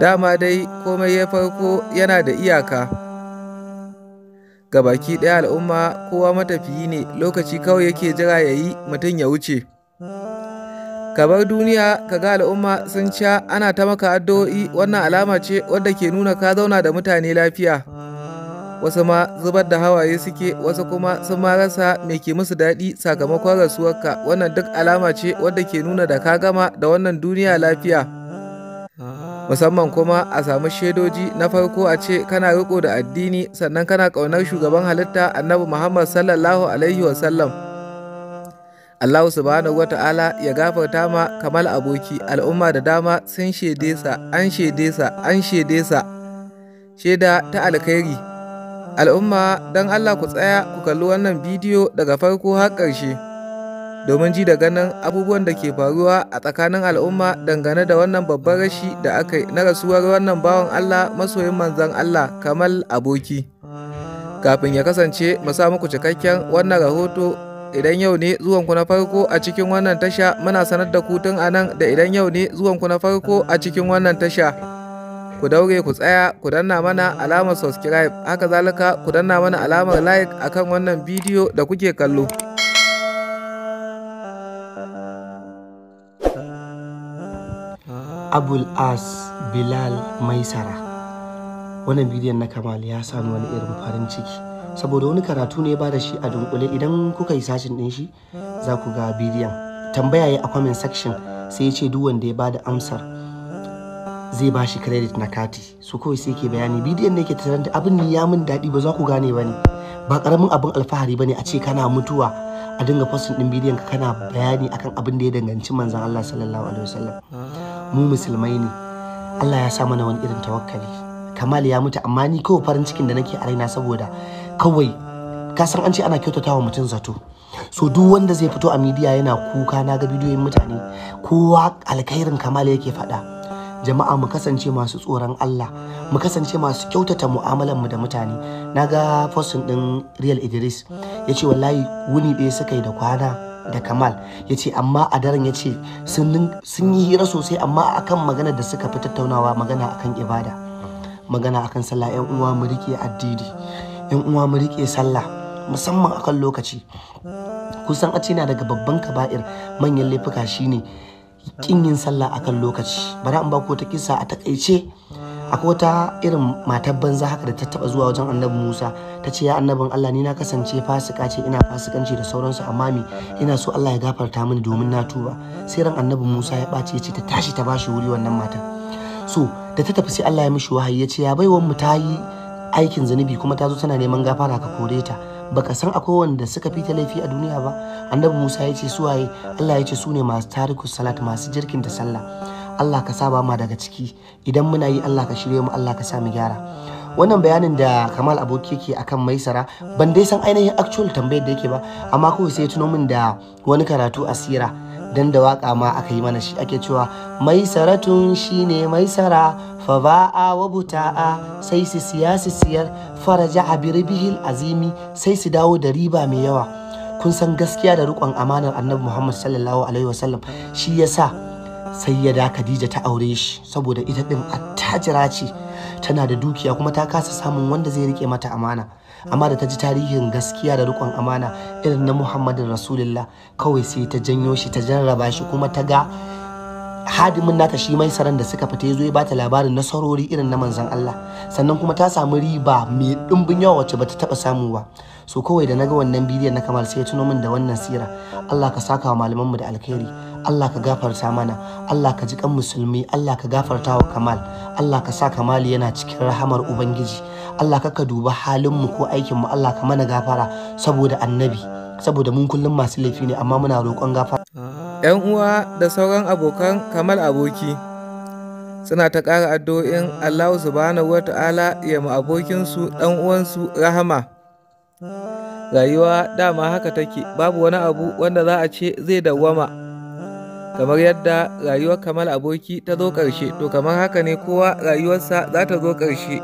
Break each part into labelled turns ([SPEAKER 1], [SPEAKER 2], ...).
[SPEAKER 1] dama dai komai ya farko yana da iyaka ga baki ɗaya al'umma kowa matafiyi ne lokaci kawai yake jira ya yi mutum ya wuce ka bar duniya ka ga al'umma sun sha ana ta maka addu'o'i wannan alama ce wadda ke nuna ka zauna da mutane lafiya wasu ma zubar da hawaye suke wasu kuma sun ma rasa me ke musu daɗi sakamakon rasuwarka wannan duk alama ce wadda ke nuna da ka gama da wannan duniya lafiya musamman kuma a samu shaidoji na farko a ce kana riko da addini sannan kana ƙaunar shugaban halitta annabi muhammad sallallahu alaihi wasallam allahu subhanahu wata'ala ya gafarta ma kamal aboki al'umma da dama sun shaide sa an shaide sa an shaide sa shaida ta alkhairi al'umma don allah ku tsaya ku kalli wannan bidiyo daga farko har ƙarshe domin ji da ganin abubuwan da ke faruwa a tsakanin al'umma dangane da wannan babban rashi da aka yi na rasuwar wannan bawan Allah masoyin Manzan Allah Kamal Aboki. Kafin ya kasance mu samu muku cikakken wannan rahoto idan yau ne zuwanku na farko a cikin wannan tasha muna sanar da ku tun nan da idan yau ne zuwanku na farko a cikin wannan tasha. ku daure ku tsaya ku danna mana alamar subscribe haka zalika ku danna mana alamar like akan wannan bidiyo da kuke kallo
[SPEAKER 2] abul as bilal maisara wannan bidiyon na kamal ya sani wani irin farin ciki saboda wani karatu ne ba da shi a dunkule idan kuka yi sashin din shi za ku ga bidiyon tambaya a comment section sai ya ce duk wanda ya bada amsar zai ba shi credit na kati su kawai sai ke bayani bidiyon ne ke da abin ni ya min daɗi ba za ku gane ba ne ba karamin abin alfahari ba ne a ce kana mutuwa a dinga fasin din bidiyon ka kana bayani akan abin da ya danganci manzan Allah sallallahu alaihi wasallam ah. mu musulmai ne Allah ya sa mana wani irin tawakkali Kamal ya mutu amma ni kawai farin cikin da nake a raina saboda kawai ka san an ce ana kyautatawa mutum zato so duk wanda zai fito a midiya yana kuka na ga bidiyoyin mutane kowa alkhairin Kamal yake faɗa jama'a mu kasance masu tsoron Allah mu kasance masu kyautata mu'amalar mu da mutane naga ga fosin din Real Idris yace ce wallahi wuni ɗaya suka yi da kwana da kamal ya ce amma a daren ya ce sun yi hira sosai amma akan magana da suka fi tattaunawa magana akan ibada magana akan sallah yan uwa mu rike addini yan uwa mu rike sallah musamman akan lokaci kusan a na daga babban kaba'ir manyan laifuka shine kin yin sallah akan lokaci bari an ba ku ta kisa a takaice akwai wata irin matar banza haka da ta taba zuwa wajen annabi Musa ta ce ya annabin Allah ni na kasance fasika ce ina fasikanci da sauransu amma mi ina so Allah ya gafarta mini domin na tuba sai ran annabi Musa ya ɓaci ya ce ta tashi ta bashi wuri wannan matan so da ta tafi sai Allah ya mishi wahayi ya ce ya baiwan mu ta yi aikin zunubi kuma ta zo tana neman gafara ka kore ta baka san akwai wanda suka fita laifi a duniya ba annabi Musa ya ce suwaye Allah ya ce su ne masu tarikus salat masu jirkin da sallah Allah ka saba ma daga ciki idan muna yi Allah ka shirye mu Allah ka sa mu gyara wannan bayanin da Kamal aboki yake akan Maisara ban dai san ainihin actual tambayar da yake ba amma kawai sai tuno min da wani karatu asira dan da waka ma aka yi mana shi ake cewa maisaratun shine maisara fa ba'a wa buta'a sai su siya su siyar faraja bihil azimi sai su dawo da riba mai yawa kun san gaskiya da riƙon amanar annabi muhammad sallallahu alaihi wasallam shi yasa Sai ya da Khadija ta aure shi saboda ita din attajira ce tana da dukiya kuma ta kasa samun wanda zai rike mata amana amma da ta ji tarihin gaskiya da rikon amana irin na Muhammadin Rasulullah kawai sai ta janyo shi ta jarraba shi kuma ta ga hadimin nata shi mai saran da suka fita zo ya bata labarin nasarori irin na manzon Allah sannan kuma ta samu riba mai dimbin yawa wacce bata taba samu ba so kawai da naga wannan bidiyon na kamar sai ya tuno min da wannan sira Allah ka saka wa malaman mu da alkhairi Allah ka gafarta mana Allah ka ji kan musulmi Allah ka gafarta wa kamal Allah ka sa kamal yana cikin rahamar ubangiji Allah ka ka duba halinmu ko aikin mu Allah ka mana gafara saboda annabi saboda mun kullum masu laifi ne amma muna roƙon gafara yan uwa da sauran abokan kamal aboki suna ta
[SPEAKER 1] ƙara addu'o'in Allah subhanahu wata'ala ya mu abokinsu ɗan uwansu rahama rayuwa dama haka take babu wani abu wanda za a ce zai dawwama kamar yadda rayuwar kamal aboki ta zo ƙarshe to kamar haka ne kowa rayuwarsa za ta zo ƙarshe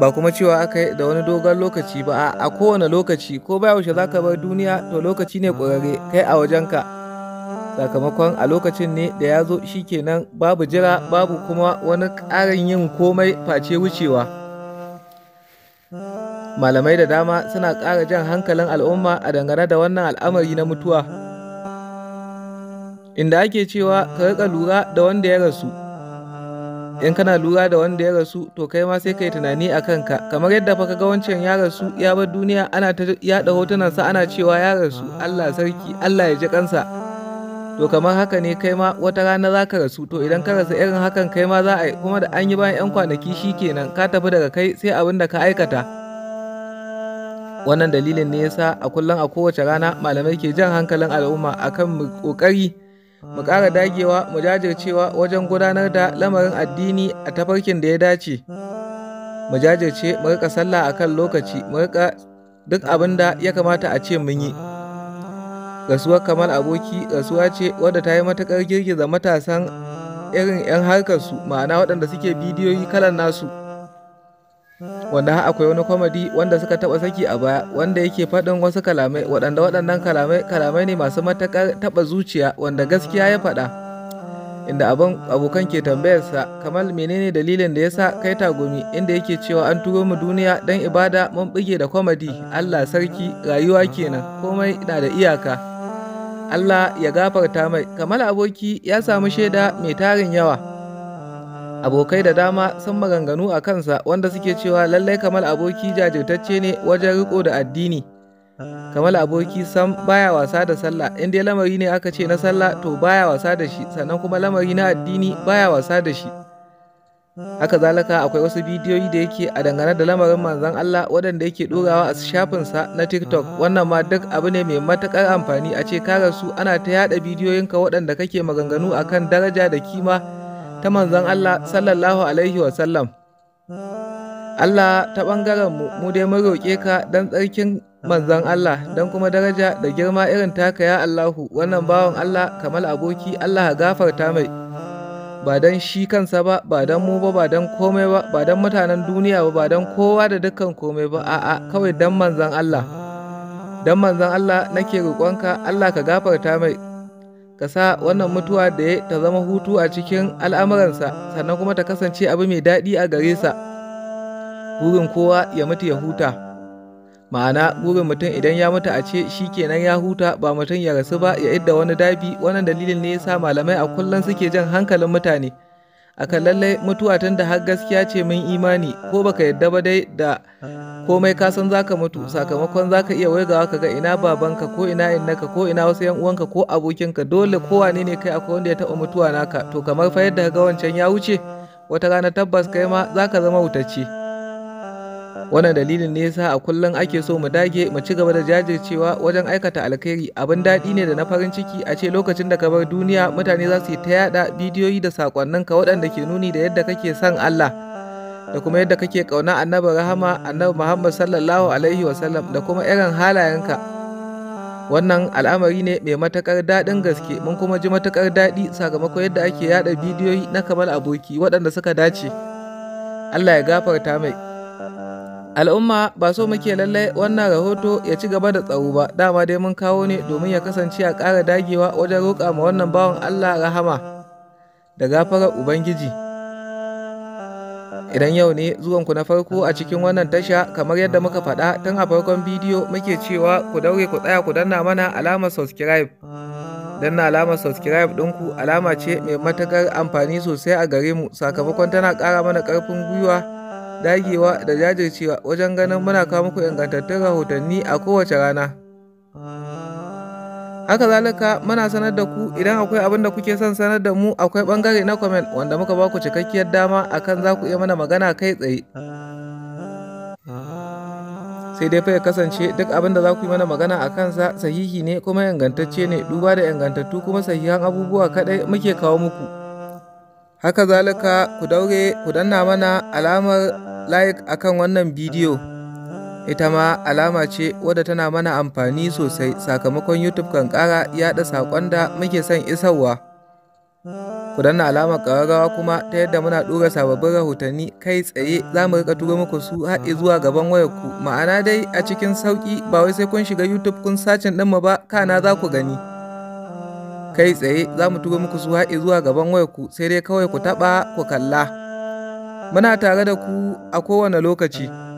[SPEAKER 1] ba kuma cewa aka yi da wani dogon lokaci ba a kowane lokaci ko ba yaushe za ka bar duniya to lokaci ne ƙwararre kai a wajenka sakamakon a lokacin ne da ya zo shi kenan babu jira babu kuma wani ƙarin yin komai face wucewa. malamai da dama suna ƙara jan hankalin al'umma a dangane da wannan al'amari na mutuwa inda ake cewa ka riƙa lura da wanda ya rasu in kana lura da wanda ya rasu to kai ma sai ka yi tunani a kanka kamar yadda fa kaga wancan ya rasu ya bar duniya ana ta yaɗa hotunansa ana cewa ya rasu Allah sarki Allah ya ji kansa to kamar haka ne kai ma wata rana za ka rasu to idan ka rasa irin hakan kai ma za a yi kuma da an yi bayan 'yan kwanaki shi kenan ka tafi daga kai sai abin da ka aikata wannan dalilin ne yasa a kullum a kowace rana malamai ke jan hankalin al'umma akan mu kokari mu ƙara dagewa mu jajircewa wajen gudanar da lamarin addini a tafarkin da ya dace mu jajirce mu rika sallah a kan lokaci mu rika duk abin da ya kamata a ce mun yi rasuwar kamal aboki rasuwa ce wadda ta yi matuƙar girgiza matasan irin 'yan harkarsu ma'ana waɗanda suke bidiyoyi kalan nasu wanda har akwai wani kwamadi wanda suka taba saki a baya wanda yake faɗin wasu kalamai waɗanda waɗannan kalamai kalamai ne masu matakar taba zuciya wanda gaskiya ya faɗa inda abin abokan ke tambayarsa kamal menene dalilin da ya sa kai tagumi inda yake cewa an turo mu duniya don ibada mun bige da kwamadi allah sarki rayuwa kenan komai na da iyaka allah ya gafarta mai kamal aboki ya samu shaida mai tarin yawa abokai da dama sun maganganu a kansa wanda suke cewa lallai kamal aboki jajirtacce ne wajen riko da addini kamal aboki sam baya wasa da sallah in dai lamari ne aka ce na sallah to baya wasa da shi sannan kuma lamari na addini baya wasa da shi haka zalaka akwai wasu bidiyoyi da yake a dangane da lamarin manzan Allah waɗanda yake ɗorawa a shafinsa na TikTok wannan ma duk abu ne mai matuƙar amfani a ce kara su ana ta yaɗa bidiyoyinka waɗanda kake maganganu akan daraja da kima ta manzan Allah sallallahu alaihi wasallam. Allah ta ɓangaren mu, dai mun roƙe ka don tsarkin manzan Allah don kuma daraja da girma irin taka ya Allahu wannan bawan Allah kamar aboki Allah gafarta mai ba don shi kansa ba ba don mu ba ba don komai ba ba don mutanen duniya ba ba don kowa da dukkan komai ba a'a kawai don manzan Allah don manzan Allah nake roƙonka Allah ka gafarta mai ka sa wannan mutuwa da ya ta zama hutu a cikin al'amuransa sannan kuma ta kasance abu mai daɗi a gare sa burin kowa ya mutu ya huta ma'ana burin mutum idan ya mutu a ce shi kenan ya huta ba mutum ya rasu ba ya idda wani dabi wannan dalilin ne ya sa malamai a kullum suke jan hankalin mutane Aka lallai mutuwa tun da har gaskiya ce mun imani ko baka yadda ba dai da komai ka san zaka mutu sakamakon zaka iya waigawa ga ina babanka ko ina innaka ko ina wasu yan uwanka ko abokinka dole kowane ne kai akwai wanda ya taba mutuwa naka to kamar fa yadda ga wancan ya wuce wata rana tabbas kai ma zaka zama wutacce wannan dalilin ne yasa a kullum ake so mu dage mu ci gaba da jajircewa wajen aikata alkhairi abin daɗi ne da na farin ciki a ce lokacin da ka bar duniya mutane za su yi ta yaɗa bidiyoyi da sakonnin ka waɗanda ke nuni da yadda kake son Allah da kuma yadda kake ƙauna annabi rahama annabi Muhammad sallallahu alaihi wasallam da kuma irin halayenka wannan al'amari ne mai matakar daɗin gaske mun kuma ji matakar daɗi sakamakon yadda ake yaɗa bidiyoyi na kamar aboki waɗanda suka dace allah ya gafarta mai al'umma ba so muke lallai wannan rahoto ya ci gaba da tsawo ba dama dai mun kawo ne domin ya kasance a ƙara dagewa wajen roƙa ma wannan bawan allah rahama da gafarar ubangiji idan yau ne zuwanku na farko a cikin wannan tasha kamar yadda muka faɗa tun a farkon bidiyo muke cewa ku daure ku tsaya ku danna mana alamar subscribe danna alamar subscribe ɗinku alama ce mai matuƙar amfani sosai a gare mu sakamakon tana ƙara mana ƙarfin gwiwa dagewa da jajircewa wajen ganin muna kawo muku ingantattun rahotanni a kowace rana. Haka zalika muna sanar da ku idan akwai abin da kuke son sanar da mu akwai bangare na comment wanda muka ba ku cikakkiyar dama akan za ku iya mana magana kai tsaye. Sai dai fa ya kasance duk abin da za ku yi mana magana a kansa sahihi ne kuma ingantacce ne duba da ingantattu kuma sahihan abubuwa kaɗai muke kawo muku. haka zalika ku daure ku danna mana alamar like akan wannan bidiyo ita ma alama ce wadda tana mana amfani sosai sakamakon youtube kan kara yaɗa saƙon da muke son isarwa ku danna alamar ƙararrawa kuma ta yadda muna ɗora sababbin rahotanni kai tsaye za mu rika turo muku su haɗe zuwa gaban wayarku ma'ana dai a cikin sauƙi ba wai sai kun shiga youtube kun sacin ɗinmu ba kana za ku gani kai tsaye za mu tuba muku su zuwa gaban wayarku sai dai kawai ku taɓa ku kalla muna tare da ku a kowane lokaci